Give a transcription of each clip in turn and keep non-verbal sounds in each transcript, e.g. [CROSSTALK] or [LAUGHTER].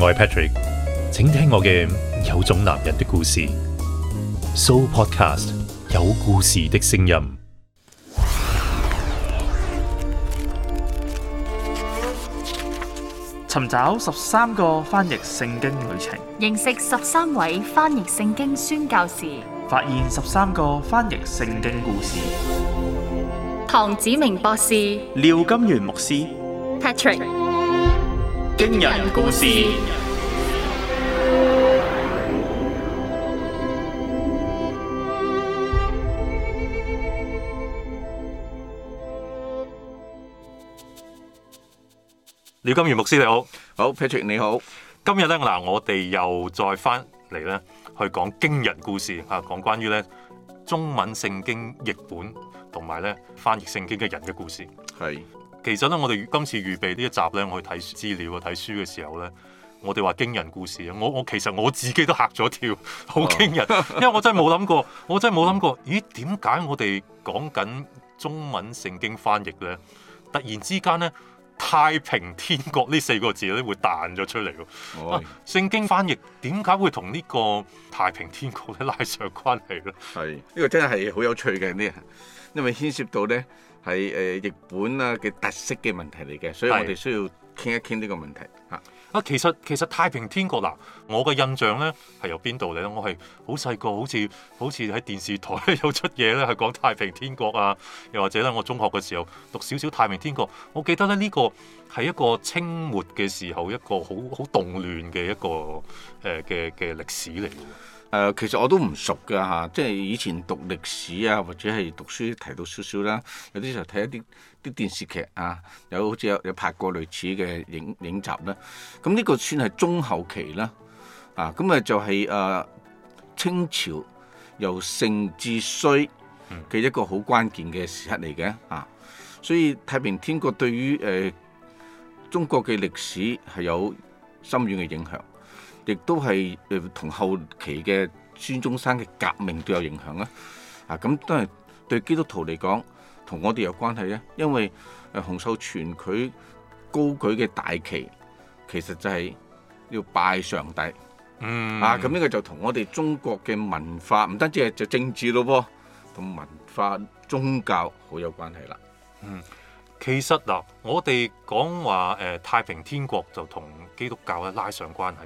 我係 Patrick，請聽我嘅有種男人的故事。So Podcast 有故事的聲音，尋找十三個翻譯聖經旅程，認識十三位翻譯聖經宣教士，發現十三個翻譯聖經故事。唐子明博士，廖金源牧師，Patrick。驚人故事。廖金源牧師，你好，好，Patrick，你好，今日咧嗱，我哋又再翻嚟咧，去講驚人故事吓，講關於咧中文聖經譯本同埋咧翻譯聖經嘅人嘅故事，係。其實咧，我哋今次預備呢一集咧，我去睇資料啊、睇書嘅時候咧，我哋話驚人故事啊！我我其實我自己都嚇咗一跳，好驚人，因為我真係冇諗過，我真係冇諗過，咦？點解我哋講緊中文聖經翻譯咧，突然之間咧，太平天國呢四個字咧會彈咗出嚟喎？哦，啊，聖經翻譯點解會同呢個太平天國咧拉上關係咯？係，呢個真係好有趣嘅呢、呢個，因為牽涉到咧。係誒日本啊嘅特色嘅問題嚟嘅，所以我哋需要傾一傾呢個問題嚇。啊，其實其實太平天國，嗱，我嘅印象呢係由邊度嚟咧？我係好細個，好似好似喺電視台有出嘢咧，係講太平天國啊，又或者咧，我中學嘅時候讀少少太平天國。我記得咧呢個係一個清末嘅時候一個好好動亂嘅一個誒嘅嘅歷史嚟嘅。誒、呃，其實我都唔熟嘅嚇、啊，即係以前讀歷史啊，或者係讀書提到少少啦。有啲時候睇一啲啲電視劇啊，有好似有有拍過類似嘅影影集啦。咁、啊、呢個算係中後期啦，啊，咁、就係、啊就係誒清朝由盛至衰嘅一個好關鍵嘅時刻嚟嘅啊。所以太平天國對於誒中國嘅歷史係有深遠嘅影響。亦都係誒同後期嘅孫中山嘅革命都有影響啊！啊，咁都係對基督徒嚟講，同我哋有關係嘅、啊，因為誒、啊、洪秀全佢高舉嘅大旗，其實就係要拜上帝。嗯。啊，咁、這、呢個就同我哋中國嘅文化唔單止係就政治咯、啊，喎同文化宗教好有關係啦、啊。嗯，其實嗱，我哋講話誒、呃、太平天國，就同基督教咧拉上關係。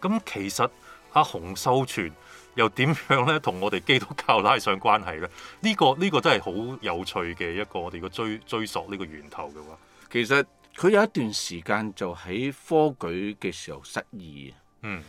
咁其實阿洪秀全又點樣咧，同我哋基督教拉上關係咧？呢個呢個真係好有趣嘅一個我哋嘅追追索呢個源頭嘅話，其實佢有一段時間就喺科舉嘅時候失意，嗯，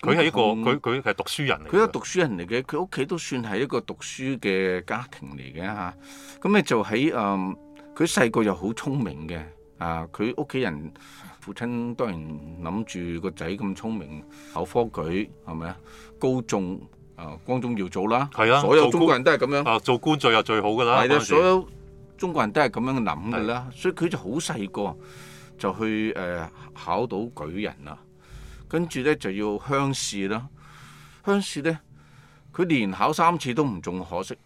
佢係一個佢佢係讀書人嚟，佢係讀書人嚟嘅，佢屋企都算係一個讀書嘅家庭嚟嘅嚇。咁咧就喺嗯，佢細個又好聰明嘅。啊！佢屋企人，父親當然諗住個仔咁聰明，考科舉係咪啊？高中啊、呃，光宗耀祖啦，係啦、啊，所有中國人都係咁樣。啊，做官最又最好噶啦。係啦、啊，事所有中國人都係咁樣諗噶啦，啊、所以佢就好細個就去誒、呃、考到舉人啦，跟住咧就要鄉試啦，鄉試咧佢連考三次都唔中，可惜。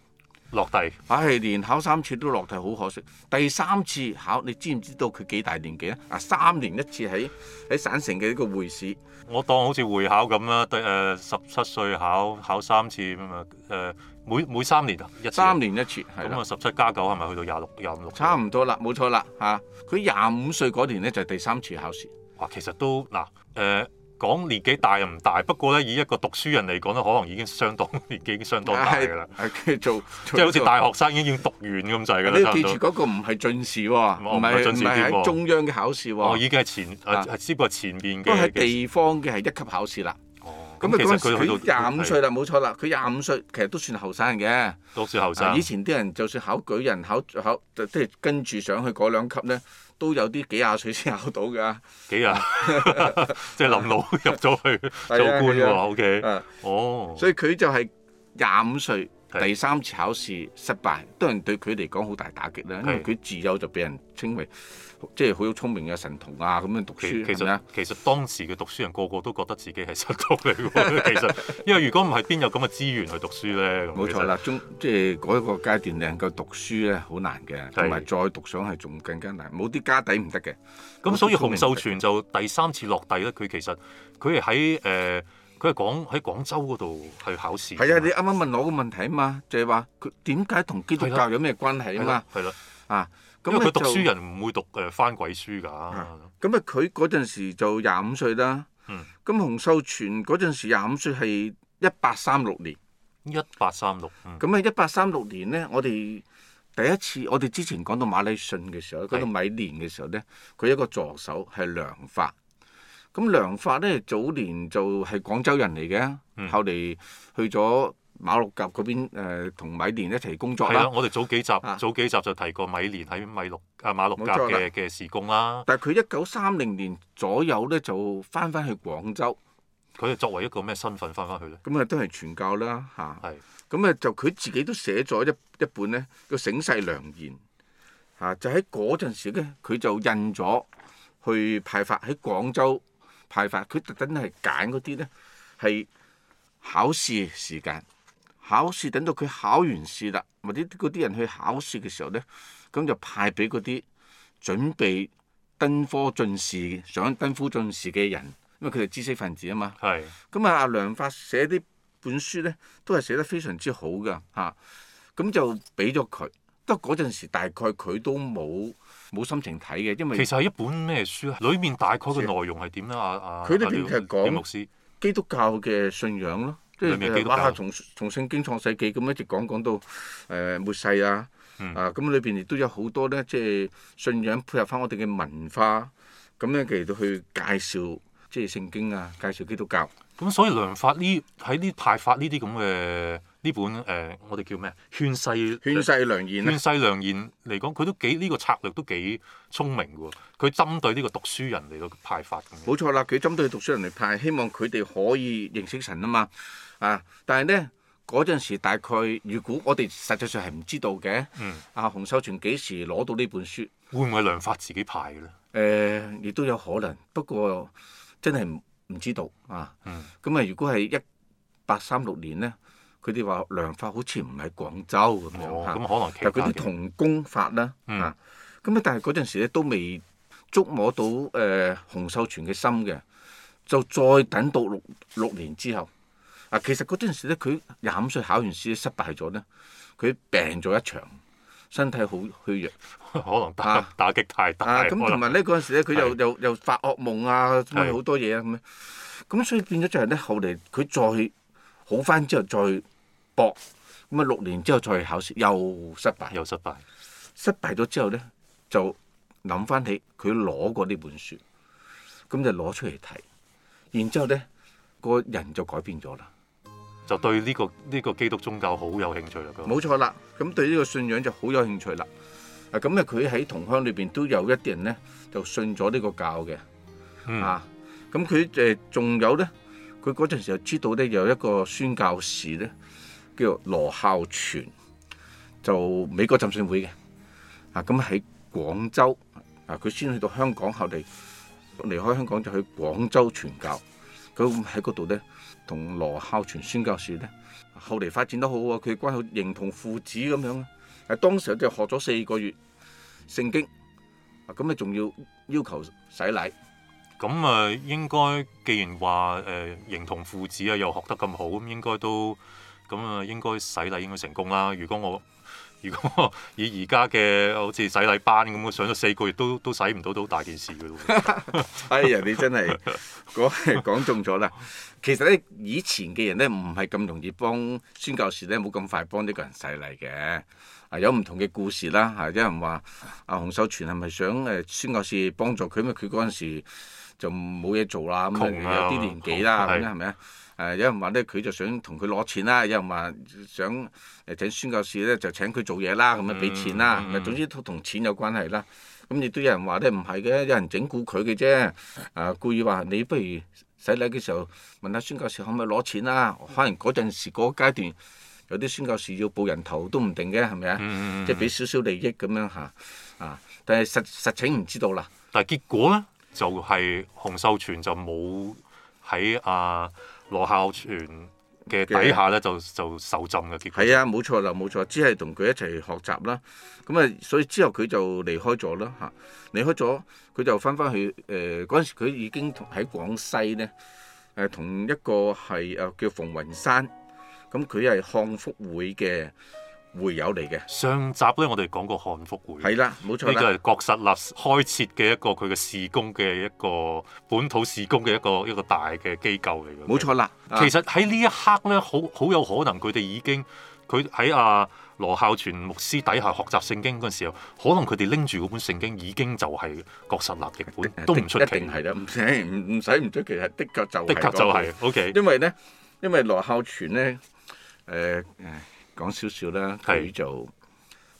落地，唉、啊，連考三次都落地，好可惜。第三次考，你知唔知道佢幾大年紀咧？啊，三年一次喺喺省城嘅呢個會試，我當好似會考咁啦。對，誒，十七歲考考三次咁啊，誒、呃、每每三年啊，啊三年一次，咁啊十七加九係咪去到廿六廿五？六？差唔多啦，冇錯啦嚇。佢廿五歲嗰年咧就係第三次考試。哇，其實都嗱誒。呃呃講年紀大又唔大，不過咧以一個讀書人嚟講咧，可能已經相當年紀已經相當大㗎啦。係做即係好似大學生已經要讀完咁滯㗎啦。你記住嗰個唔係進士喎，唔係唔係喺，中央嘅考試喎。哦，已經係前誒不過前邊嘅係地方嘅係一級考試啦。咁其實佢廿五歲啦，冇錯啦，佢廿五歲其實都算後生嘅，都算後生。以前啲人就算考舉人，考考即係跟住上去嗰兩級咧。都有啲幾廿歲先考到㗎，幾廿即係林老入咗去做官喎，OK，哦，所以佢就係廿五歲的第三次考試失敗，當然對佢嚟講好大打擊啦，的因為佢自幼就俾人稱為，即係好有聰明嘅神童啊，咁樣讀書。其實吧其實當時嘅讀書人個個都覺得自己係神童嚟嘅。 [LAUGHS] 其實，因為如果唔係，邊有咁嘅資源去讀書咧？冇錯啦，中即係嗰一個階段能夠讀書咧，好難嘅。同埋再讀上係仲更加難，冇啲家底唔得嘅。咁所以洪秀全就第三次落地咧，佢其實佢係喺誒，佢係、呃、講喺廣州嗰度去考試。係啊，你啱啱問我個問題啊嘛，就係話佢點解同基督教有咩關係啊嘛？係咯、啊啊啊，啊。咁佢讀書人唔會讀誒翻鬼書㗎。咁啊、嗯，佢嗰陣時就廿五歲啦。咁、嗯、洪秀全嗰陣時廿五歲係一八三六年。一八三六。咁啊，一八三六年咧，我哋第一次，我哋之前講到馬禮遜嘅時候，講到米蓮嘅時候咧，佢是一個助手係梁發。咁梁發咧，早年就係廣州人嚟嘅，嗯、後嚟去咗。馬六甲嗰邊誒，同米連一齊工作啦。係啊，我哋早幾集早幾集就提過米連喺米六啊馬六甲嘅嘅事工啦。但係佢一九三零年左右咧，就返返去廣州。佢係作為一個咩身份返返去咧？咁啊，都係傳教啦，嚇。係。咁啊，就佢自己都寫咗一一本咧，叫《醒世良言》嚇，就喺嗰陣時咧，佢就印咗去派發喺廣州派發。佢特登係揀嗰啲咧係考試時間。考試等到佢考完試啦，或者嗰啲人去考試嘅時候咧，咁就派俾嗰啲準備登科進士、想登科進士嘅人，因為佢哋知識分子啊嘛。係。咁啊、嗯，阿梁發寫啲本書咧，都係寫得非常之好噶嚇。咁、啊嗯、就俾咗佢，得嗰陣時大概佢都冇冇心情睇嘅，因為其實係一本咩書啊？裏面大概嘅內容係點咧？阿阿佢哋平時講基督教嘅信仰咯。即係話下從從聖經創世記咁一直講講到誒末、呃、世啊，嗯、啊咁裏邊亦都有好多咧，即、就、係、是、信仰配合翻我哋嘅文化，咁咧其實都去介紹即係、就是、聖經啊，介紹基督教。咁所以梁發呢喺呢派發呢啲咁嘅呢本誒、呃，我哋叫咩啊？勸世勸世良言咧、啊。勸世良言嚟講，佢都幾呢、這個策略都幾聰明嘅喎。佢針對呢個讀書人嚟到派發，冇錯啦，佢針對讀書人嚟派，希望佢哋可以認識神啊嘛。啊！但係咧，嗰陣時大概，如果我哋實際上係唔知道嘅，阿、嗯啊、洪秀全幾時攞到呢本書，會唔會梁發自己派嘅咧？誒、呃，亦都有可能，不過真係唔唔知道啊！咁啊、嗯，如果係一八三六年咧，佢哋話梁發好似唔喺廣州咁、哦、可能其實佢啲同工發啦啊！咁、嗯、啊，但係嗰陣時咧都未捉摸到誒、呃、洪秀全嘅心嘅，就再等到六六年之後。啊，其實嗰陣時咧，佢廿五歲考完試失敗咗咧，佢病咗一場，身體好虛弱， [LAUGHS] 可能打、啊、打擊太大。咁同埋咧嗰陣時咧，佢的又又又發惡夢啊，好多嘢啊咁樣，咁所以變咗就係咧，後嚟佢再好翻之後再搏，咁啊六年之後再考試又失敗，又失敗，失敗咗之後咧就諗翻起佢攞過呢本書，咁就攞出嚟睇，然之後咧個人就改變咗啦。就對呢、這個呢、這個基督宗教好有興趣啦，咁冇錯啦，咁對呢個信仰就好有興趣啦。啊，咁啊，佢喺同鄉裏邊都有一啲人咧，就信咗呢個教嘅。嗯、啊，咁佢誒仲有咧，佢嗰陣時就知道咧有一個宣教士咧，叫做羅孝全，就美國浸信會嘅。啊，咁喺廣州啊，佢先去到香港後嚟離，離開香港就去廣州傳教。佢喺嗰度咧，同羅孝全宣教授咧，後嚟發展得好啊。佢關係形同父子咁樣啊。喺當時就學咗四個月聖經，咁咧仲要要求洗禮。咁啊、嗯，應該既然話誒形同父子啊，又學得咁好，咁應該都咁啊、嗯，應該洗禮應該成功啦。如果我。如果以而家嘅好似洗禮班咁，上咗四個月都都洗唔到都大件事嘅喎。哎呀， [LAUGHS] [LAUGHS] 你真係講講中咗啦。其實咧，以前嘅人咧唔係咁容易幫宣教士咧，冇咁快幫呢個人洗禮嘅。啊，有唔同嘅故事啦。啊，有人話阿洪秀全係咪想誒、呃、宣教士幫助佢？因啊，佢嗰陣時就冇嘢做啦，咁有啲年紀啦，咁樣咩？誒、啊、有人話咧，佢就想同佢攞錢啦；有人話想誒請宣教士咧，就請佢做嘢啦，咁樣俾錢啦。咪係、嗯嗯、總之同錢有關係啦。咁亦都有人話咧，唔係嘅，有人整蠱佢嘅啫。誒、啊、故意話你不如洗禮嘅時候問下宣教士可唔可以攞錢啦、啊。可能嗰陣時嗰階段有啲宣教士要報人頭都唔定嘅，係咪啊？嗯、即係俾少少利益咁樣下。啊！但係實實情唔知道啦。但係結果咧，就係、是、洪秀全就冇喺阿。啊羅孝全嘅底下咧，就就受浸嘅結果。係啊，冇錯啦，冇錯，只係同佢一齊學習啦。咁啊，所以之後佢就離開咗啦嚇，離開咗，佢就翻返去誒嗰陣時，佢已經喺廣西咧，誒、呃、同一個係誒、啊、叫馮雲山，咁佢係漢福會嘅。會友嚟嘅。上集咧，我哋講過漢福會，係啦，冇錯，佢就係郭實立開設嘅一個佢嘅事工嘅一個本土事工嘅一個一個大嘅機構嚟嘅，冇錯啦。啊、其實喺呢一刻咧，好好有可能佢哋已經佢喺阿羅孝全牧師底下學習聖經嗰陣時候，可能佢哋拎住嗰本聖經已經就係郭實立嘅本，的都唔出奇。一定係啦，唔使唔使唔出奇，係的確就係、的確就係、係、OK 因。因為咧，因為羅孝全咧，誒。講少少啦，佢就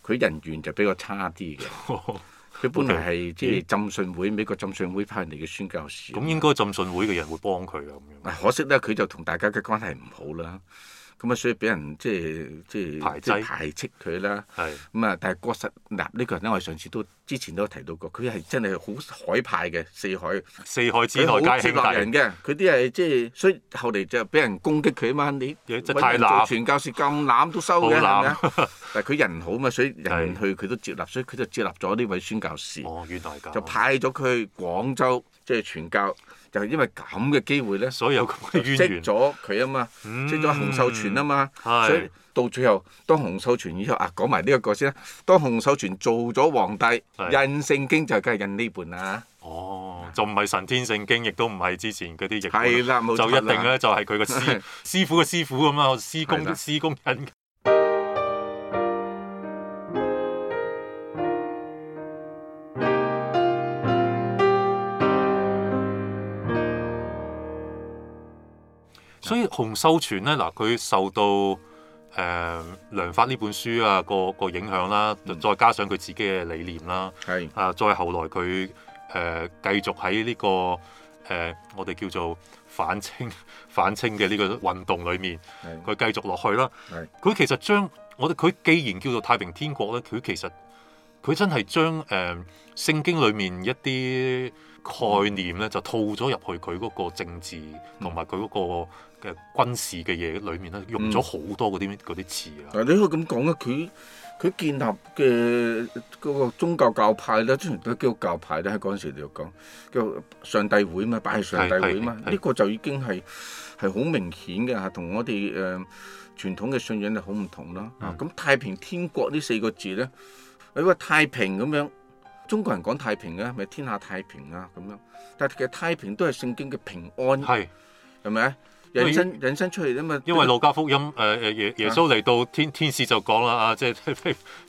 佢人緣就比較差啲嘅。佢 [LAUGHS] 本來係即係浸信會， [NOISE] 美國浸信會派人嚟嘅宣教士。咁 [NOISE] 應該浸信會嘅人會幫佢啊，咁樣。誒，可惜咧，佢就同大家嘅關係唔好啦。咁啊，所以俾人即係即係排斥佢啦。係。咁啊，但係郭實臘呢個人咧，我哋上次都之前都有提到過，佢係真係好海派嘅，四海四海之內皆兄弟，好接納人嘅。佢啲係即係，所以後嚟就俾人攻擊佢啊嘛。你做傳教士，咁濫都收嘅係咪啊？但係佢人好嘛，所以人去佢都接納，所以佢就接納咗呢位宣教士。哦、就派咗佢去廣州，即係傳教。就係因為咁嘅機會咧，所以有咁嘅淵源。識咗佢啊嘛，識咗、嗯、洪秀全啊嘛，是所以到最後，當洪秀全以後啊，講埋呢一個先啦。當洪秀全做咗皇帝，是印聖經就梗係印呢本啦、啊。哦，就唔係神天聖經，亦都唔係之前嗰啲譯本。啦就一定咧就係佢個師的師傅嘅師傅咁啊，師公師公印。的的洪秀全咧，嗱佢受到誒梁、呃、發呢本書啊個個影響啦，再加上佢自己嘅理念啦，係、嗯、啊，再後來佢誒、呃、繼續喺呢、這個誒、呃、我哋叫做反清反清嘅呢個運動裏面，佢繼續落去啦。佢、嗯、其實將我哋佢既然叫做太平天國咧，佢其實佢真係將誒、呃、聖經裡面一啲概念咧就套咗入去佢嗰個政治同埋佢嗰個嘅軍事嘅嘢裏面咧，用咗好多嗰啲嗰啲詞啊。嗯、字你可以咁講啦，佢佢建立嘅嗰個宗教教派咧，全部都基督教派咧，喺陣時時就講，叫上帝會嘛，拜上帝會嘛，呢個就已經係係好明顯嘅吓，同我哋誒傳統嘅信仰就好唔同啦。咁、嗯、太平天國呢四個字咧，你話太平咁樣。中國人講太平啊，咪天下太平啊咁樣，但係其實太平都係聖經嘅平安，係係咪啊？引申引申出嚟啊嘛，因為路加福音誒誒耶耶穌嚟到天，天使就講啦啊，即係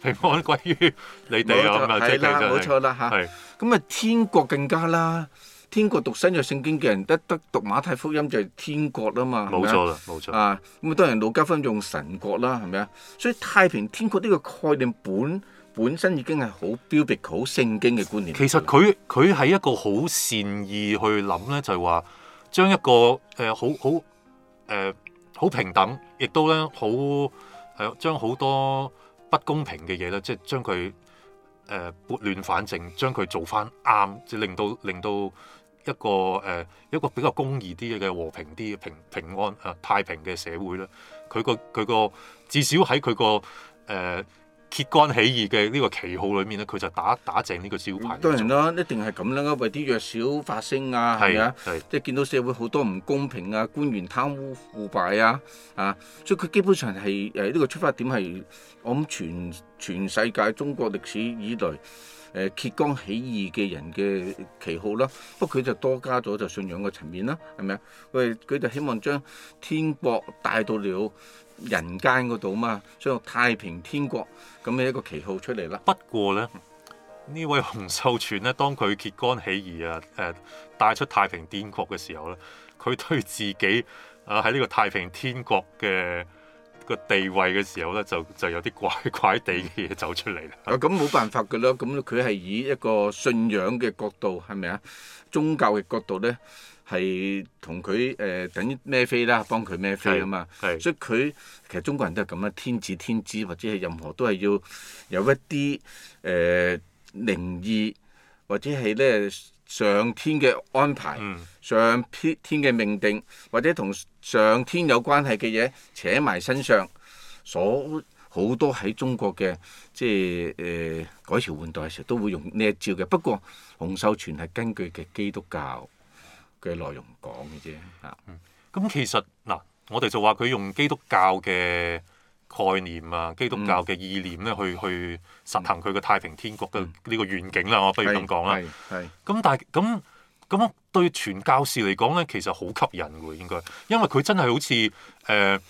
平安歸於你哋啊即係冇錯啦吓，咁啊天國更加啦，天國讀新約聖經嘅人得得讀馬太福音就係天國啦嘛，冇錯啦，冇錯啊，咁啊當然路加福音用神國啦，係咪啊？所以太平天國呢個概念本。本身已經係好標別、好聖經嘅觀念。其實佢佢係一個好善意去諗呢就係話將一個誒、呃、好好誒、呃、好平等，亦都咧好係咯，將、呃、好多不公平嘅嘢咧，即係將佢誒撥亂反正，將佢做翻啱，即、就係、令到令到一個誒、呃、一個比較公義啲嘅和平啲嘅平平安啊、呃、太平嘅社會咧。佢個佢個至少喺佢個誒。呃揭竿起義嘅呢個旗號裏面咧，佢就打打正呢個招牌。當然啦，一定係咁啦，咯，為啲弱小發聲啊，係咪啊？即係見到社會好多唔公平啊，官員貪污腐敗啊，啊，所以佢基本上係誒呢個出發點係我諗全全世界中國歷史以來誒、呃、揭竿起義嘅人嘅旗號啦。不過佢就多加咗就信仰嘅層面啦，係咪啊？佢佢就希望將天國帶到了，人間嗰度嘛，所以太平天國咁樣一個旗號出嚟啦。不過呢，呢位洪秀全呢，當佢揭竿起義啊，誒、呃，帶出太平天國嘅時候呢，佢對自己啊喺呢個太平天國嘅個地位嘅時候呢，就就有啲怪怪地嘅嘢走出嚟啦。咁冇、嗯、辦法噶啦，咁佢係以一個信仰嘅角度，係咪啊？宗教嘅角度呢。係同佢誒等於孭飛啦，幫佢孭飛啊嘛，所以佢其實中國人都係咁啊，天子天子或者係任何都係要有一啲誒、呃、靈異或者係咧上天嘅安排，嗯、上天嘅命定或者同上天有關係嘅嘢扯埋身上，所好多喺中國嘅即係誒、呃、改朝換代嘅時候都會用呢一招嘅。不過洪秀全係根據嘅基督教。嘅內容講嘅啫嚇，咁其實嗱，我哋就話佢用基督教嘅概念啊、基督教嘅意念咧，去、嗯、去實行佢嘅太平天國嘅呢個願景啦。嗯、我不如咁講啦，係，咁但係咁咁對傳教士嚟講咧，其實好吸引喎，應該，因為佢真係好似誒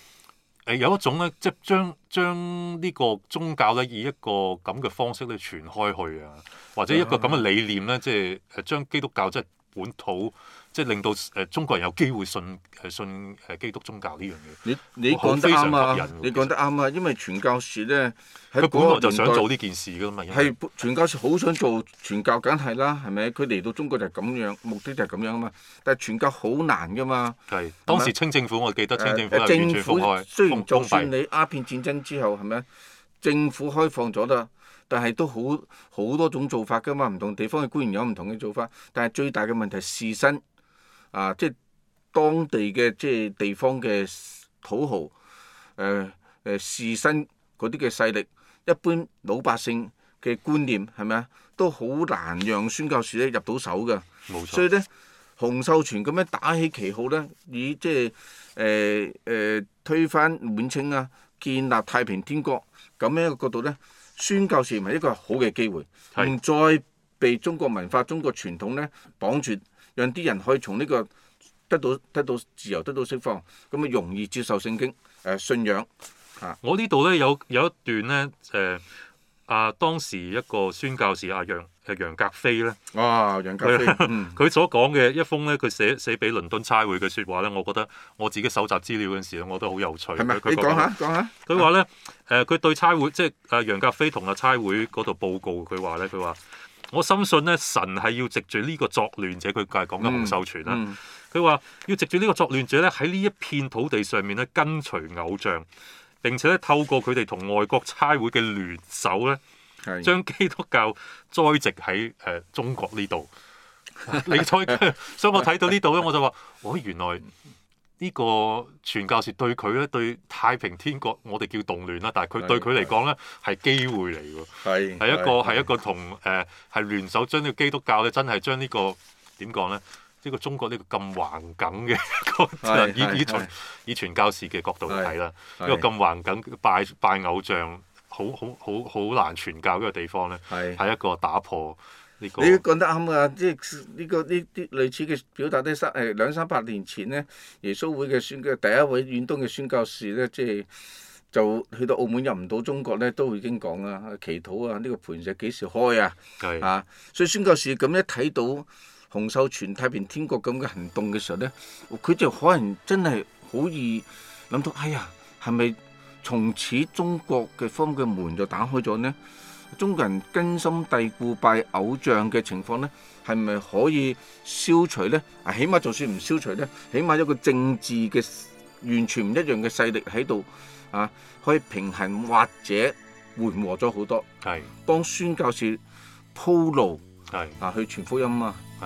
誒有一種咧，即係將將呢個宗教咧以一個咁嘅方式咧傳開去啊，或者一個咁嘅理念咧，嗯嗯、即係誒將基督教即係本土。即係令到、呃、中國人有機會信信，信基督宗教呢樣嘢。你你講得啱啊！你講得啱啊！因為傳教士咧喺個本來就想做呢件事噶嘛。係傳教士好想做傳教，梗係啦，係咪？佢嚟到中國就係咁樣，目的就係咁樣啊嘛。但係傳教好難噶嘛。係當時清政府，吧我記得清政府係完、呃、政府雖然就算你鴉片戰爭之後係咪？政府開放咗啦，但係都好好多種做法噶嘛，唔同地方嘅官員有唔同嘅做法。但係最大嘅問題係士紳。啊！即係當地嘅即係地方嘅土豪，誒誒士紳嗰啲嘅勢力，一般老百姓嘅觀念係咪啊？都好難讓宣教士咧入到手嘅。錯所以咧，洪秀全咁樣打起旗號咧，以即係誒誒推翻滿清啊，建立太平天國咁樣一個角度咧，宣教士唔係一個好嘅機會，唔是再被中國文化、中國傳統咧綁住，讓啲人可以從呢個得到得到自由、得到釋放，咁啊容易接受聖經、誒信仰嚇。我呢度咧有有一段咧誒、呃、啊，當時一個宣教士阿楊誒、啊、格菲、哦、楊飛咧，哇楊佢所講嘅一封咧，佢寫寫俾倫敦差會嘅説話咧，我覺得我自己搜集資料嗰陣時咧，我都好有趣。係咪？你講下講下。佢話咧誒，佢、啊、對差會即係阿楊格飛同阿差會嗰度報告，佢話咧佢話。我深信咧，神係要藉住呢個作亂者，佢係講緊洪秀全啦。佢話、嗯嗯、要藉住呢個作亂者咧，喺呢一片土地上面咧跟隨偶像，並且咧透過佢哋同外國差會嘅聯手咧，將的基督教栽植喺誒、呃、中國呢度。 [LAUGHS] 你再才 [LAUGHS] [LAUGHS] 所以我睇到呢度咧，我就話，我、哦、原來。呢個傳教士對佢咧，對太平天國我哋叫動亂啦。但係佢對佢嚟講咧，係機是會嚟喎。係是一個係是一個同誒係聯手將呢個基督教咧，真係將、這個、呢個點講咧？呢、這個中國呢個咁橫梗嘅一個以是以從以傳教士嘅角度嚟睇啦，呢是是個咁橫梗拜拜偶像，好好好好，好，好，好，好難傳教呢嘅地方咧，係一個打破。這你都講得啱啊，即係呢個呢啲類似嘅表達都三誒兩三百年前咧，耶穌會嘅宣嘅第一位遠東嘅宣教士咧，即係就去到澳門入唔到中國咧，都已經講啊，祈禱啊，呢、這個盤石幾時開啊，的啊，所以宣教士咁一睇到洪秀全太平天國咁嘅行動嘅時候咧，佢就可能真係好易諗到，哎呀，係咪從此中國嘅方嘅門就打開咗咧？中國人根深蒂固拜偶像嘅情況呢，係咪可以消除呢？啊，起碼就算唔消除呢，起碼有一個政治嘅完全唔一樣嘅勢力喺度啊，可以平衡或者緩和咗好多。係是，幫宣教士鋪路。係是，啊，去傳福音啊。係。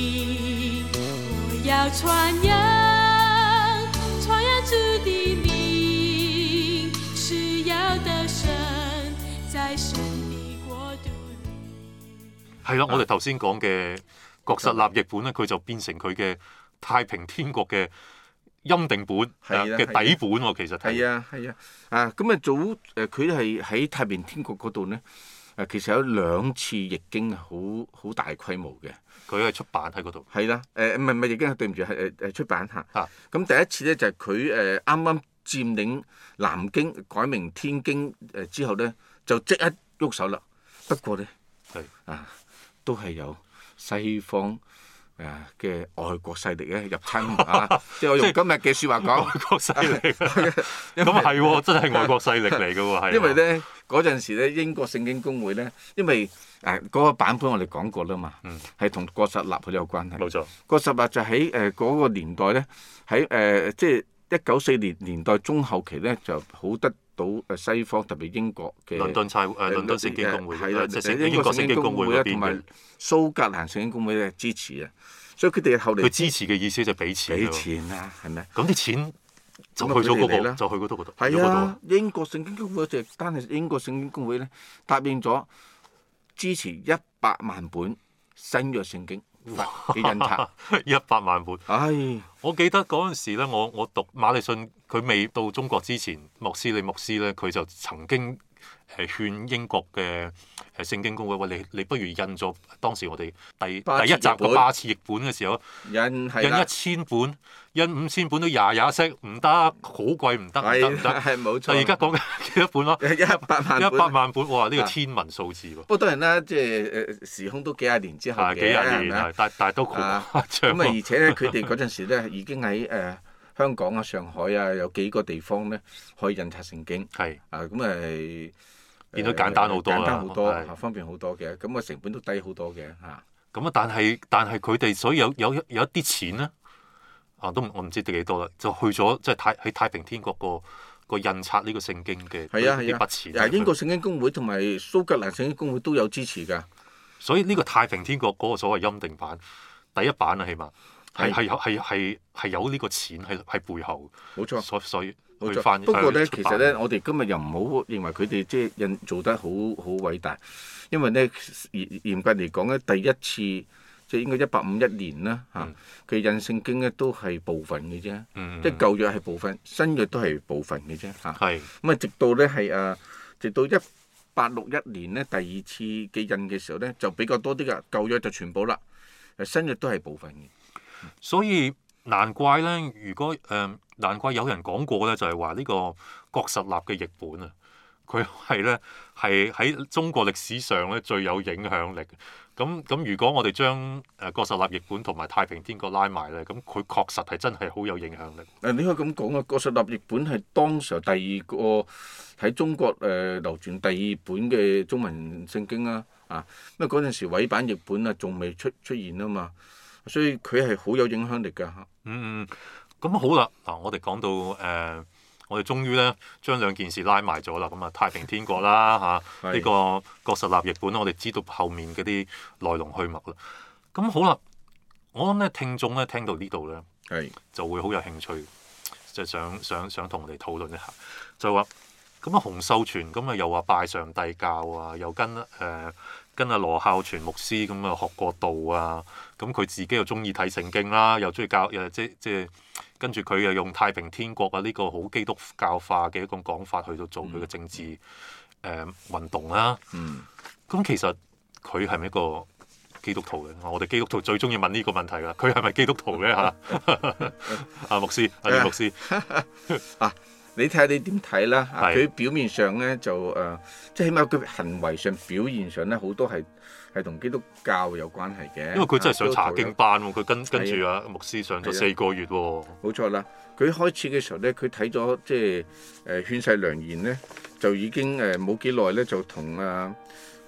係咯，我哋頭先講嘅《國實立譯本》咧，佢就變成佢嘅太平天國嘅欽定本嘅、啊呃、底本、啊。其實係啊係啊啊！咁啊，啊早誒，佢係喺太平天國嗰度咧。其實有兩次易經係好好大規模嘅，佢係出版喺嗰度。係啦，誒唔係唔係易經，對唔住，係誒誒出版下。啊！咁第一次咧就係佢誒啱啱佔領南京改名天京誒、呃、之後咧，就即刻喐手啦。不過咧係是啊，都係有西方。誒嘅外國勢力咧入侵 [LAUGHS] 啊！即係我用今日嘅説話講， [LAUGHS] 外國勢力，咁係喎，真係外國勢力嚟嘅喎，係。因為咧嗰陣時咧英國聖經公會咧，因為誒嗰、呃那個版本我哋講過啦嘛，係同郭實立佢有關係。冇錯，郭實立就喺誒嗰個年代咧，喺誒即係一九四年年代中後期咧就好得。到西方特別英國嘅倫敦差誒倫敦聖經公會啊，係啦，即係英國聖經公會啊，同埋蘇格蘭聖經公會咧支持啊，所以佢哋後嚟佢支持嘅意思就係俾錢，俾錢啦、啊，係咪？咁啲錢就去咗嗰、嗰個，就去嗰度度，英國聖經公會就單係英國聖經公會咧，答應咗支持一百萬本新約聖經。哇幾印刷 [LAUGHS] 一百萬本？哎，我記得嗰陣時咧，我我讀馬利信，佢未到中國之前，莫斯利牧師咧，佢就曾經。誒勸英國嘅誒聖經公會話你你不如印做當時我哋第第一集嘅巴次譯本嘅時候印，印一千本，印五千本都廿廿色，唔得好貴唔得唔得唔得。但而家講緊幾多本咯？一百萬一百萬本喎，呢個 [LAUGHS] 天文數字喎。不過當然啦，即係誒時空都幾廿年之後幾廿年，但係都好誇張。咁 [LAUGHS] 啊而且咧，佢哋嗰陣時咧已經喺誒。呃 [LAUGHS] 香港啊、上海啊，有幾個地方咧可以印刷聖經。係是。啊，咁咪變咗簡單好多啦，多是方便好多嘅，咁個成本都低好多嘅嚇。咁啊，但係但係佢哋所以有有有一啲錢咧。啊，都我唔知得幾多啦，就去咗即係太去太平天國個個印刷呢個聖經嘅一筆錢。啊，英國、啊啊這個、聖經公會同埋蘇格蘭聖經公會都有支持㗎。所以呢個太平天國嗰個所謂欽定版第一版啦，起碼。係係有係係係有呢個錢喺係背後冇錯，所所以冇錯。不過咧，其實咧，我哋今日又唔好認為佢哋即係印做得好好偉大，因為咧嚴嚴格嚟講咧，第一次即係應該一八五一年啦嚇，佢、啊嗯、印聖經咧都係部分嘅啫，嗯、即係舊約係部分，新約都係部分嘅啫嚇。咁啊，是啊，直到咧係啊，直到一八六一年咧，第二次嘅印嘅時候咧，就比較多啲㗎，舊約就全部啦，新約都係部分嘅。所以難怪咧，如果誒、呃、難怪有人講過咧，就係話呢個郭實立嘅譯本啊，佢係咧係喺中國歷史上咧最有影響力。咁、嗯、咁、嗯，如果我哋將誒郭實立譯本同埋太平天國拉埋咧，咁、嗯、佢確實係真係好有影響力。誒、啊，你可以咁講啊，郭實立譯本係當時候第二個喺中國誒、呃、流傳第二本嘅中文聖經啦、啊。啊，因為嗰陣時委辦譯本啊，仲未出出現啊嘛。所以佢係好有影響力㗎嚇、嗯。嗯嗯，咁好啦，嗱，我哋講到誒、呃，我哋終於咧將兩件事拉埋咗啦。咁啊，太平天國啦嚇，呢、 [LAUGHS] 啊這個國實立日本，我哋知道後面嗰啲來龍去脈啦。咁好啦，我諗咧聽眾咧聽到呢度咧，係是就會好有興趣，就想想想同我哋討論一下，就話咁啊，洪秀全咁啊又話拜上帝教啊，又跟誒。呃跟阿羅孝全牧師咁啊學過道啊，咁佢自己又中意睇聖經啦，又中意教，又即即跟住佢又用太平天國啊呢、呢個好基督教化嘅一個講法去到做佢嘅政治誒、呃、運動啦、啊。咁、嗯嗯、其實佢係咪一個基督徒嘅？我哋基督徒最中意問呢個問題啦。佢係咪基督徒咧？嚇 [LAUGHS] 啊，阿牧師，阿、啊啊、李牧師。啊啊你睇下你點睇啦？佢的表面上咧就誒、呃，即係起碼佢行為上表現上咧好多係係同基督教有關係嘅。因為佢真係想查經班喎，佢跟跟住啊牧師上咗四個月喎、哦。冇錯啦，佢開始嘅時候咧，佢睇咗即係誒勸世良言咧，就已經誒冇幾耐咧，就同啊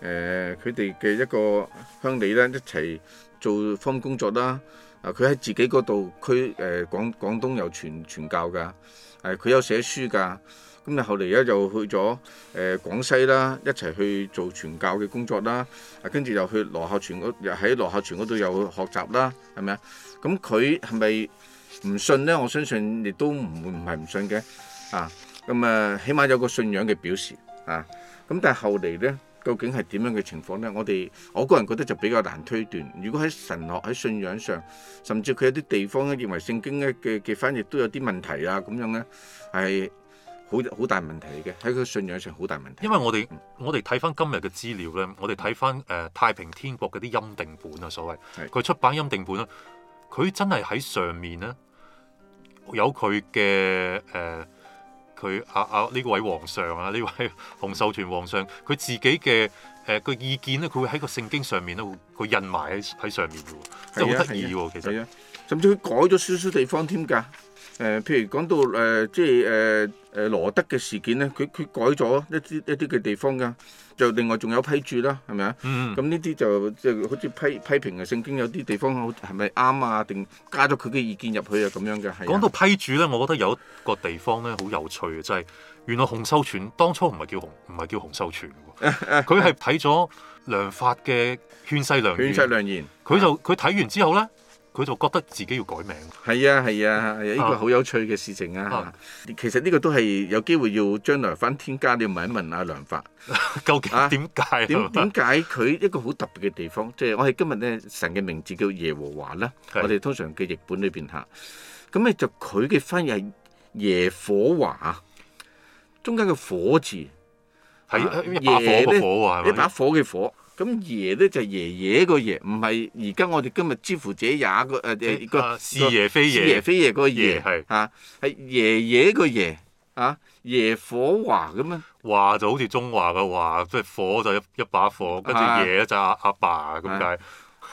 誒佢哋嘅一個鄉里咧一齊做方工作啦。啊、呃，佢喺自己嗰度，佢誒、呃、廣廣東東有傳傳教㗎。誒佢有寫書㗎，咁後嚟咧又去咗誒、呃、廣西啦，一齊去做傳教嘅工作啦，啊跟住又去羅孝全又喺羅孝全嗰度又學習啦，係咪啊？咁佢係咪唔信咧？我相信亦都唔會唔係唔信嘅，啊咁啊，起碼有個信仰嘅表示啊，咁但係後嚟咧。究竟係點樣嘅情況咧？我哋我個人覺得就比較難推斷。如果喺神學喺信仰上，甚至佢有啲地方咧，認為聖經咧嘅嘅翻譯都有啲問題啊，咁樣咧係好好大問題嘅。喺佢信仰上好大問題。因為我哋我哋睇翻今日嘅資料咧，我哋睇翻誒太平天國嗰啲陰定本啊，所謂佢出版陰定本啊，佢真係喺上面咧有佢嘅誒。呃佢阿阿呢位皇上啊，呢位洪秀全皇上，佢自己嘅誒個意見咧，佢會喺個聖經上面咧，會佢印埋喺喺上面㗎喎，真係好得意喎，啊啊、其實，啊、甚至佢改咗少少地方添㗎。誒，譬如講到誒、呃，即係誒誒羅德嘅事件咧，佢佢改咗一啲一啲嘅地方噶，就另外仲有批注啦，係咪啊？咁呢啲就即係好似批批評啊，聖經有啲地方係咪啱啊？定加咗佢嘅意見入去啊，咁樣嘅係。講到批注咧，我覺得有一個地方咧好有趣嘅，就係、是、原來洪秀全當初唔係叫洪，唔係叫洪秀全，佢係睇咗梁發嘅勸世良言，勸世良言，佢、嗯、就佢睇完之後咧。佢就覺得自己要改名。係啊係啊，呢個好有趣嘅事情啊！啊其實呢個都係有機會要將來翻添加，你要問一問阿良法， [LAUGHS] 究竟點解？點點解佢一個好特別嘅地方？即、就、係、是、我哋今日咧，神嘅名字叫耶和華啦。是我哋通常嘅譯本裏邊吓。咁咧就佢嘅翻譯係耶火華，中間嘅火字耶係、啊、一把火嘅火。呢嗎咁爺咧就係爺爺個爺，唔係而家我哋今日知乎者也個誒誒個是爺非爺，是爺非爺個爺，嚇係、啊、爺爺個爺，嚇、啊、爺火華咁啊！華就好似中華嘅華，即係火就一一把火，跟住爺就阿阿、啊啊啊、爸咁解。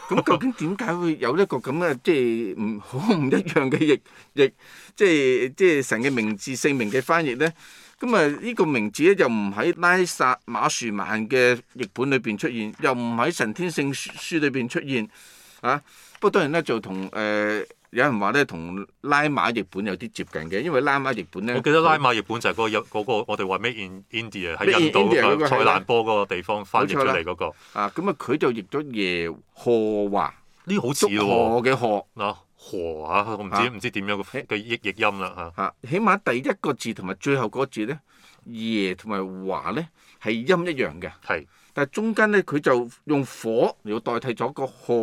咁究竟點解會有一個咁嘅即係唔好唔一樣嘅譯譯、譯？即係即係神嘅名字、姓名嘅翻譯咧？咁啊，呢個名字咧又唔喺拉沙馬樹曼嘅譯本裏邊出現，又唔喺神天聖書書裏邊出現，嚇、啊。不過當然咧，就同誒有人話咧，同拉馬譯本有啲接近嘅，因為拉馬譯本咧，我記得拉馬譯本就係個印嗰個，他那個那個、我哋話咩？made in 喺印度嘅，蔡蘭 in India，那個、波嗰個地方翻譯出嚟嗰、那個。啊，咁啊，佢就譯咗耶和華，呢好似喎。和嘅和。河啊，我唔知唔知點樣個個譯譯音啦嚇。嚇、啊，啊、起碼第一個字同埋最後個字咧，耶同埋華咧係音一樣嘅。係是。但係中間咧，佢就用火嚟代替咗個河。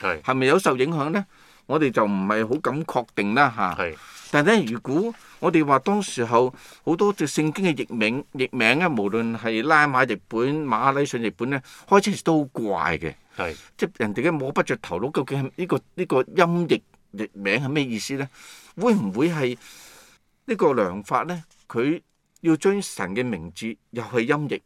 係是。係咪有受影響咧？我哋就唔係好敢確定啦嚇。係、啊。但係咧，如果我哋話當時候好多隻聖經嘅譯名譯名咧，無論係拉馬譯本、馬拉遜譯本咧，開始時都好怪嘅。係是，即係人哋嘅摸不着頭腦，究竟係呢、呢個呢、呢個音譯譯名係咩意思咧？會唔會係呢個良法咧？佢要將神嘅名字又係音譯，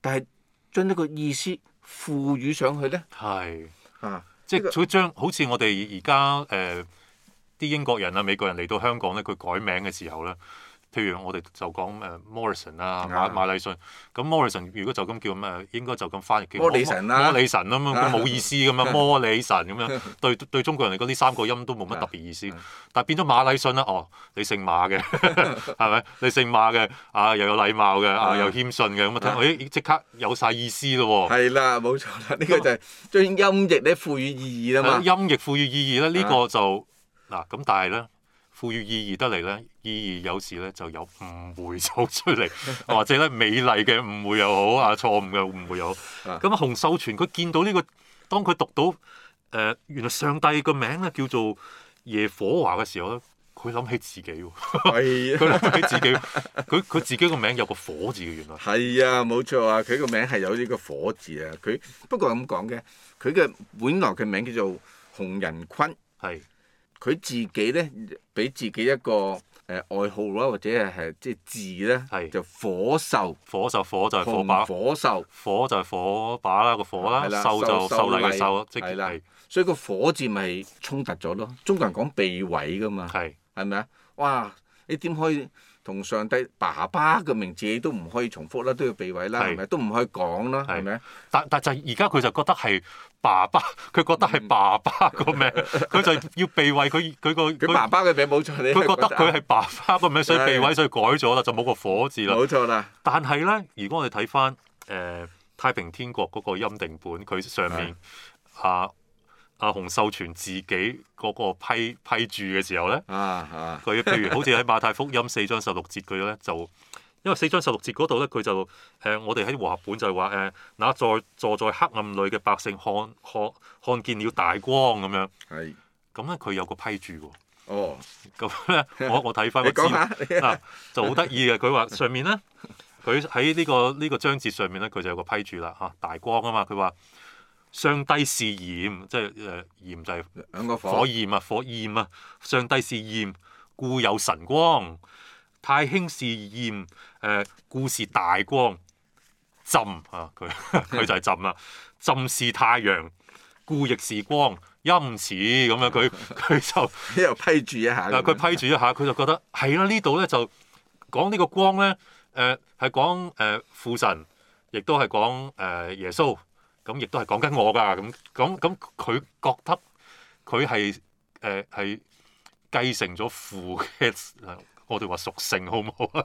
但係將呢個意思賦予上去咧？係是啊，即係佢、呢個、將好似我哋而家誒。呃啲英國人啊、美國人嚟到香港咧，佢改名嘅時候咧，譬如我哋就講誒 Morrison 啊的，馬馬禮遜咁 Morrison 如果就咁叫咩，應該就咁翻譯叫摩禮神啦，摩禮神咁樣冇意思咁、嗯、樣摩禮神咁樣對對中國人嚟講，呢三個音都冇乜特別意思，但係變咗馬禮遜啦。哦，你姓馬嘅係咪？你姓馬嘅啊，又有禮貌嘅啊，又謙遜嘅咁啊，誒即刻有晒意思啦喎！係啦，冇錯啦，呢 [MUSIC] 個就係將音譯咧賦予意義啦嘛。音譯賦予意義啦，呢、這個就。嗱咁，但係咧賦予意義得嚟咧，意義有時咧就有誤會走出嚟，或者咧美麗嘅誤會又好啊，錯誤嘅誤會又好。咁啊，洪秀全佢見到呢、這個，當佢讀到誒、呃、原來上帝嘅名咧叫做耶火華嘅時候咧，佢諗起自己喎。係、啊。佢諗 [LAUGHS] 起自己，佢佢自己個名有個火字嘅原來。係啊，冇錯啊，佢個名係有呢個火字啊。佢不過咁講嘅，佢嘅本來嘅名叫做洪仁坤。係。佢自己咧，俾自己一個誒、呃、愛好啦，或者係係即字咧，的就火獸。火獸，火就係火，火，火，火把。火獸。火就係火把啦，個火啦，獸就獸類嘅獸，即係。所以個火字咪衝突咗咯。中國人講避諱噶嘛。係的。係咪啊？哇！你點可以？同上帝爸爸嘅名字都唔可以重複啦，都要避諱啦，係咪是吧都唔可以講啦，係咪是吧？但但就而家佢就覺得係爸爸，佢覺得係爸爸個名，佢、嗯、就要避諱。佢佢個佢爸爸嘅名冇錯，佢覺得佢係爸爸個名，的所以避諱，所以改咗啦，就冇個火字啦。冇錯啦。但係咧，如果我哋睇翻誒太平天國嗰個欽定本，佢上面的啊。阿洪秀全自己嗰個批批注嘅時候咧，佢譬、啊啊、如好似喺馬太福音四章十六節佢咧就，因為四章十六節嗰度咧佢就誒、呃、我哋喺和合本就係話誒那在坐在黑暗裏嘅百姓看看看見了大光咁樣，係咁咧佢有個批注喎。哦，咁咧、oh. [LAUGHS] 我我睇翻個字嗱就好得意嘅，佢話上面咧，佢喺呢個呢、這個章節上面咧佢就有個批注啦嚇、啊，大光啊嘛，佢話。上帝是炎，即係誒炎就係火焰啊，火焰啊！上帝是炎，故有神光；太興是炎，誒、呃、故是大光。浸啊，佢佢就係浸啦。 [LAUGHS] 浸是太陽，故亦是光。因此咁樣，佢佢就 [LAUGHS] 又批注一下。但佢 [LAUGHS] 批注一下，佢就覺得係啦。啊、呢度咧就講呢個光咧，誒係講誒父神，亦都係講誒耶穌。咁亦都係講緊我㗎，咁咁咁佢覺得佢係誒係繼承咗父嘅，我哋話屬性好唔好 [LAUGHS]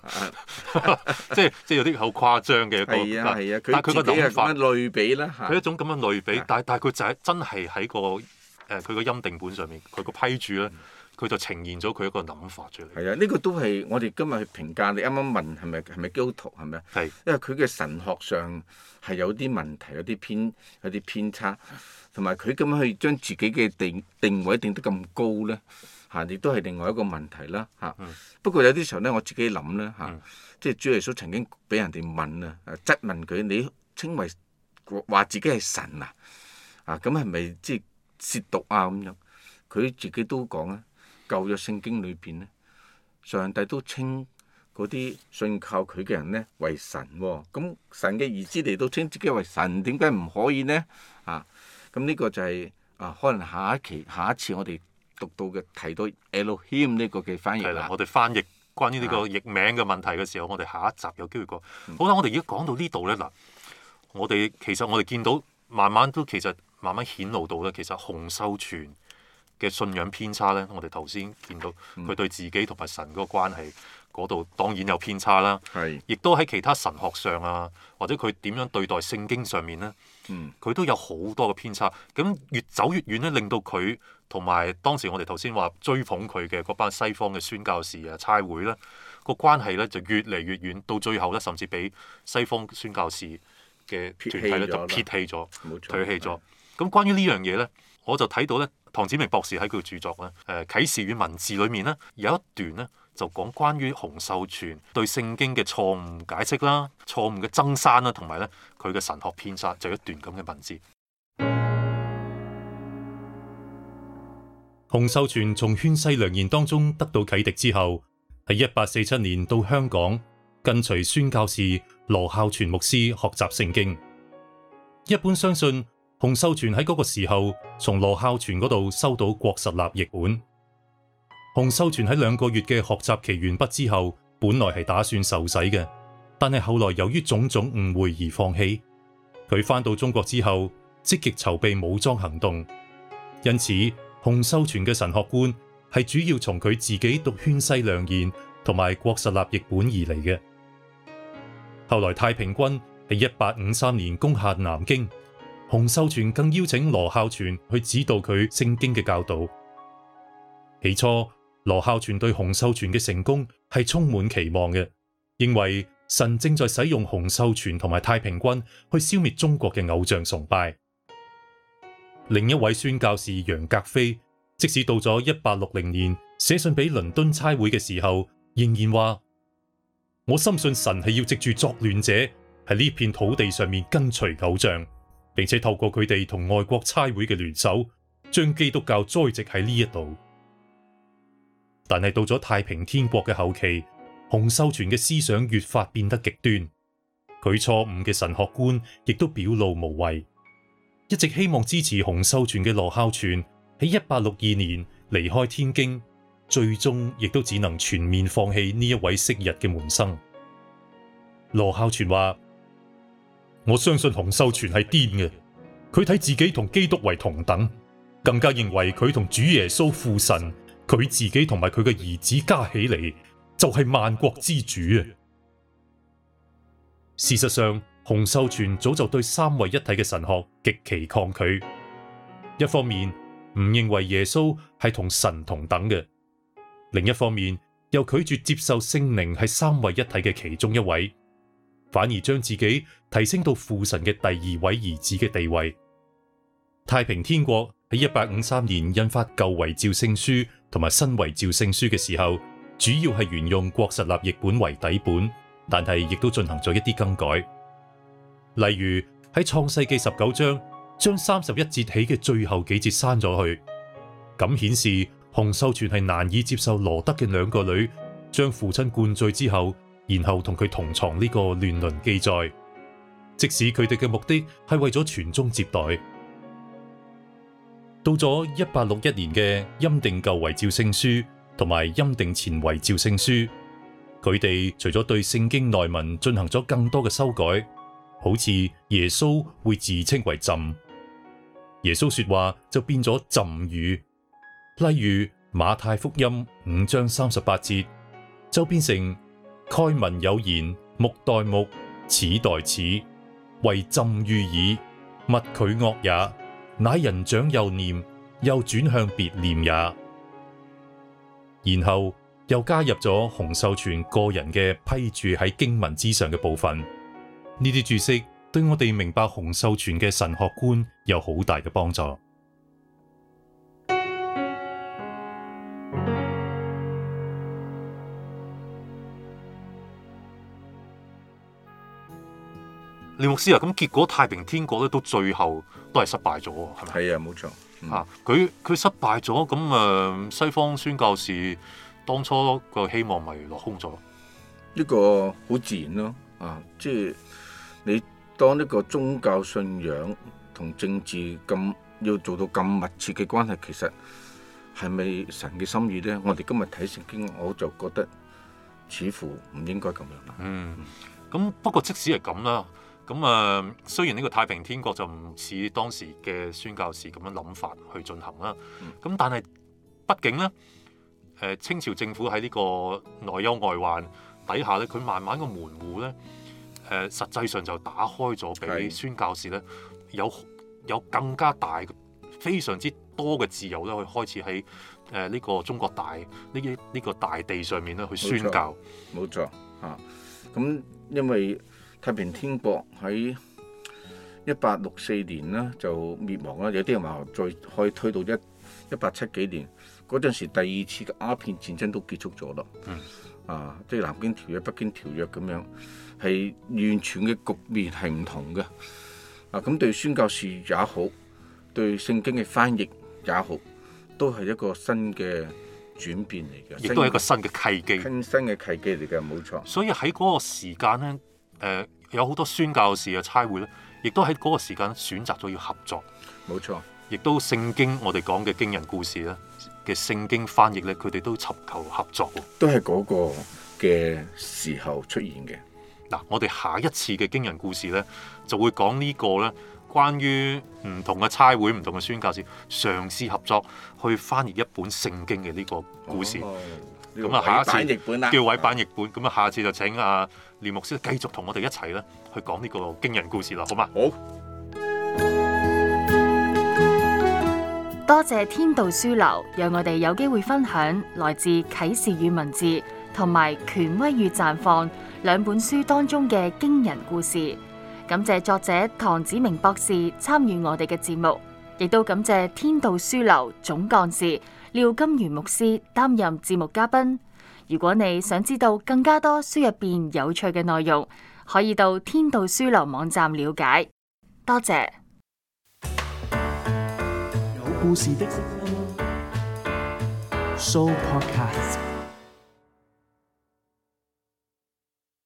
啊？即係即係有啲好誇張嘅，一個但係佢自己咁樣類比啦，佢一種咁樣類比，但係、啊啊啊啊啊啊、但係佢就係真係喺、那個誒佢個欽定本上面，佢個批注啦。嗯佢就呈現咗佢一個諗法出嚟。係啊，呢、呢個都係我哋今日去評價你啱啱問係咪係咪基督徒係咪啊？是是是因為佢嘅神學上係有啲問題、有啲偏、有啲偏差，同埋佢咁樣去將自己嘅定定位定得咁高咧，嚇亦都係另外一個問題啦，嚇是。不過有啲時候咧，我自己諗咧嚇，啊、是即係主耶穌曾經俾人哋問啊，質問佢你稱為話自己係神啊，啊咁係咪即係褻瀆啊咁樣？佢自己都講啊。舊約聖經裏邊咧，上帝都稱嗰啲信靠佢嘅人咧為神喎、哦，咁、嗯、神嘅意思嚟到稱自己為神，點解唔可以咧？啊，咁、這、呢個就係、是、啊，可能下一期下一次我哋讀到嘅提到 Elohim 呢個嘅翻譯。係啦，我哋翻譯關於呢個譯名嘅問題嘅時候，的我哋下一集有機會講。好啦，我哋而家講到呢度咧嗱，我哋其實我哋見到慢慢都其實慢慢顯露，露到咧，其實洪秀全。嘅信仰偏差咧，我哋頭先見到佢對自己同埋神嗰個關係嗰度，當然有偏差啦。亦、嗯、都喺其他神學上啊，或者佢點樣對待聖經上面咧，佢、嗯、都有好多嘅偏差。咁越走越遠咧，令到佢同埋當時我哋頭先話追捧佢嘅嗰班西方嘅宣教士啊、差會咧、嗰個關係咧，就越嚟越遠，到最後咧，甚至俾西方宣教士嘅團體咧就撇棄咗、退棄咗。冇錯，退棄咗。咁關於呢樣嘢咧，我就睇到咧。唐子明博士喺佢嘅著作咧，誒《啟示與文字》裏面咧，有一段咧就講關於洪秀全對聖經嘅錯誤解釋啦、錯誤嘅增刪啦，同埋咧佢嘅神學偏失，就是、一段咁嘅文字。洪秀全從勸世良言當中得到啟迪之後，喺一八四七年到香港跟隨宣教士羅孝全牧師學習聖經。一般相信。洪秀全喺嗰個時候從羅孝全嗰度收到《郭實臘譯本》。洪秀全喺兩個月嘅學習期完畢之後，本來係打算受洗嘅，但係後來由於種種誤會而放棄。佢翻到中國之後，積極籌備武裝行動，因此洪秀全嘅神學觀係主要從佢自己讀《勸世良言》同埋《郭實臘譯本》而嚟嘅。後來太平軍喺一八五三年攻下南京。洪秀全更邀請羅孝全去指導佢聖經嘅教導。起初，羅孝全對洪秀全嘅成功係充滿期望嘅，認為神正在使用洪秀全同埋太平軍去消滅中國嘅偶像崇拜。另一位宣教士楊格非，即使到咗一八六零年寫信俾倫敦差會嘅時候，仍然話：我深信神係要藉住作亂者喺呢片土地上面跟隨偶像。並且透過佢哋同外國差會嘅聯手，將基督教栽植喺呢一度。但係到咗太平天國嘅後期，洪秀全嘅思想越發變得極端，佢錯誤嘅神學觀亦都表露無遺。一直希望支持洪秀全嘅羅孝全喺一八六二年離開天京，最終亦都只能全面放棄呢一位昔日嘅門生。羅孝全話：我相信洪秀全係癲嘅，佢睇自己同基督為同等，更加認為佢同主耶穌父神，佢自己同埋佢嘅兒子加起嚟就係萬國之主啊！事實上，洪秀全早就對三位一體嘅神學極其抗拒，一方面唔認為耶穌係同神同等嘅，另一方面又拒絕接受聖靈係三位一體嘅其中一位。反而將自己提升到父神嘅第二位兒子嘅地位。太平天國喺一八五三年印發舊遺詔聖書同埋新遺詔聖書嘅時候，主要係沿用國實立譯本為底本，但係亦都進行咗一啲更改，例如喺創世記十九章將三十一節起嘅最後幾節刪咗去，咁顯示洪秀全係難以接受羅德嘅兩個女將父親灌醉之後。然後同佢同床呢個亂倫記載，即使佢哋嘅目的係為咗傳宗接代。到咗一八六一年嘅欽定舊遺詔聖書同埋欽定前遺詔聖書，佢哋除咗對聖經內文進行咗更多嘅修改，好似耶穌會自稱為朕，耶穌說話就變咗朕語，例如馬太福音五章三十八節就變成。蓋文有言：目代目，此代此，為朕欲耳，勿拒惡也。乃人長又念，又轉向別念也。然後又加入咗洪秀全個人嘅批註喺經文之上嘅部分，呢啲註釋對我哋明白洪秀全嘅神學觀有好大嘅幫助。廖牧師啊，咁結果太平天國咧，到最後都係失敗咗，係咪？係啊，冇錯。吓、嗯，佢佢失敗咗，咁啊，西方宣教士當初個希望咪落空咗？呢個好自然咯、啊，啊，即係你當呢個宗教信仰同政治咁要做到咁密切嘅關係，其實係咪神嘅心意咧？嗯、我哋今日睇聖經，我就覺得似乎唔應該咁樣啦、啊。嗯，咁不過即使係咁啦。咁啊、嗯，雖然呢個太平天國就唔似當時嘅宣教士咁樣諗法去進行啦，咁、嗯、但係畢竟呢，誒、呃、清朝政府喺呢個內憂外患底下呢，佢慢慢個門戶呢，誒、呃、實際上就打開咗俾宣教士呢，是有有更加大、非常之多嘅自由呢，去開始喺誒呢個中國大呢呢、呢個呢個大地上面呢去宣教。冇錯，冇錯，啊，咁因為。太平天國喺一八六四年呢就滅亡啦。有啲人話再可以推到一一八七幾年嗰陣時，第二次嘅鴉片戰爭都結束咗咯。嗯、啊，即係南京條約、北京條約咁樣，係完全嘅局面係唔同嘅。啊，咁對宣教士也好，對聖經嘅翻譯也好，都係一個新嘅轉變嚟嘅，亦都係一個新嘅契機。新嘅契機嚟嘅冇錯。所以喺嗰個時間咧。誒、呃、有好多宣教士嘅差會咧，亦都喺嗰個時間選擇咗要合作，冇錯。亦都聖經我哋講嘅驚人故事咧嘅聖經翻譯咧，佢哋都尋求合作，都係嗰個嘅時候出現嘅。嗱，我哋下一次嘅驚人故事咧，就會講呢個咧，關於唔同嘅差會、唔同嘅宣教士嘗試合作去翻譯一本聖經嘅呢個故事。Oh 咁次啊，下次叫位版譯本。咁啊，下次就請阿、啊、連、啊、牧師繼續同我哋一齊咧，去講呢個驚人故事啦，好嗎？好。多謝天道書樓，讓我哋有機會分享來自《啟示與文字》同埋《權威與綻放》兩本書當中嘅驚人故事。感謝作者唐子明博士參與我哋嘅節目，亦都感謝天道書樓總幹事。廖金源牧師擔任節目嘉賓。如果你想知道更加多書入邊有趣嘅內容，可以到天道書樓網站了解。多謝。有故事的。